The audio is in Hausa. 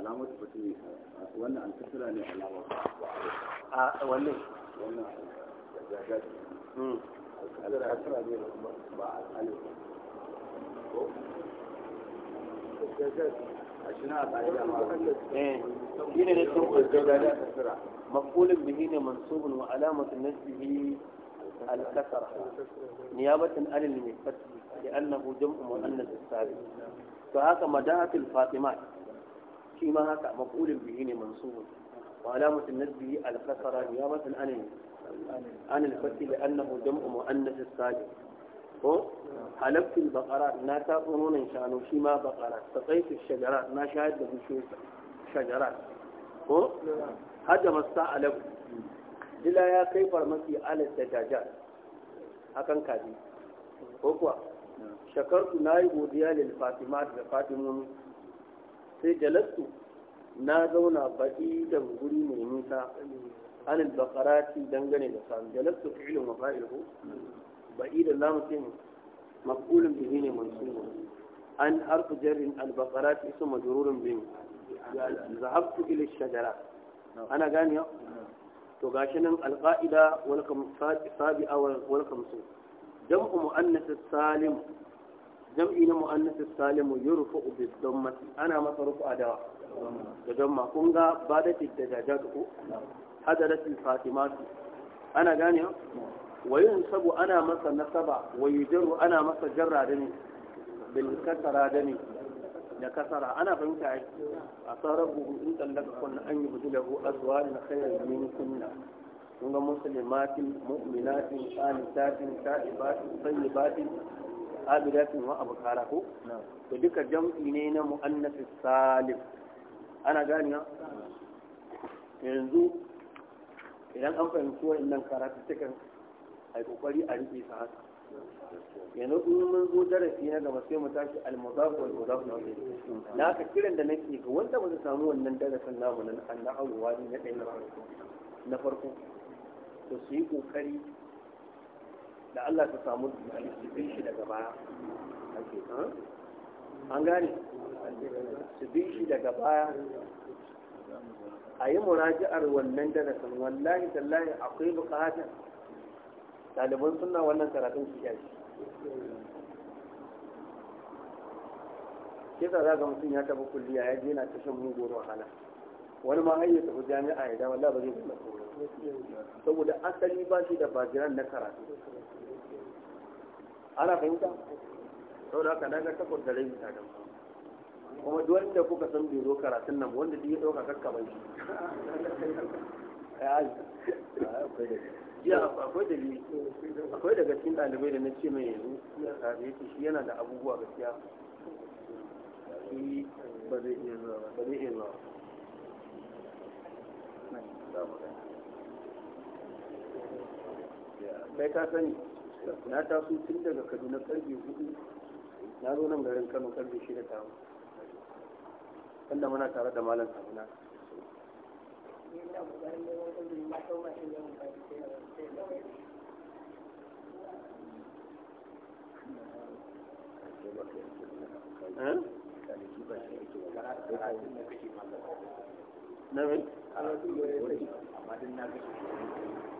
علامة فتوية وانا عن كثرة لي علامة اه ولي وانا الزجاجات امم الكثرة لي مع الالف الزجاجات شيء نسب الجدل مفعول به منصوب وعلامة نسبه الكسرة نيابة عن المفتح لأنه جمع مؤنث السالم فهذا مداهة الفاطمات shi ma haka maqulun bihi ne mansubun wa alamatu nasbihi al-kasra niyabatan an an al-fath li annahu jam'u muannath as-salim ko halaftu al-baqara na ta nunan shanu shi ma baqara ta ash-shajara na shayar da bishiyoyi shajara ko hajama sa'alab dila ya kai farmaki ala dajjal akan kaji ko kuwa shakartu na yi godiya lil fatimat da fatimuni sai jalastu na zauna baɗi da guri mai nisa an albakarati dangane da sami jalastu fi'ilin wa fa'ilu baɗi da lamu sai maqulun bihi ne mansubun an harfu jarrin albakarati isu majrurun bihi zahabtu ila shajara ana gani ya to gashi nan alqaida wal kamsa sabi'a wal kamsu jam'u muannas salim jam'i na mu'annas salimu yurfa'u bi dhammati ana masa rufa da da damma kun ga ba da ke da jajatu ko hadarat fatimatu ana gane wa sabu ana masa nasaba wa yujarru ana masa jarra da ne bil kasara da ne da kasara ana fahimta ai a sarabu in tallaka kunna an yubdilahu azwajan khayran min kunna kun ga muslimatin mu'minatin qanitatin ta'ibatin tayyibatin abidatin wa abu kara ko to duka jam'i ne na mu'annafi salim ana ganiya yanzu idan an fahimci wa'annan karatu cikin a kokari a riƙe su haka yanzu in mun zo darasi na gaba sai mu tashi al-mudaf wal mudaf na wani na ka kiran da nake ga wanda ba su samu wannan darasin namu na an annahu ne na ɗaya na farko to su yi kokari da Allah ta samu su shi daga baya ake an gane su bi shi daga baya a yi muraji'ar wannan darasin wallahi tallahi akwai bukatar ɗaliban suna wannan karatun su yashi ta za ga mutum ya taɓa kulliya ya je na mugu shan mugun wahala wani ma har tafi jami'a ya da wallahi ba zai zama kowa saboda asali ba shi da bajiran na karatu ana fahimta Sau haka na ga takwas da rai ta kuma duk wanda kuka san bai karatun nan wanda duk ya ɗauka kakkaban shi ya akwai akwai daga cikin ɗalibai da na ce mai yanzu ya ce shi yana da abubuwa gaskiya shi ba zai iya zuwa ba kai ka sani na taso tun daga kaduna karfe hudu na zo nan garin kano karfe shida ta hau wanda muna tare da malam sabuna na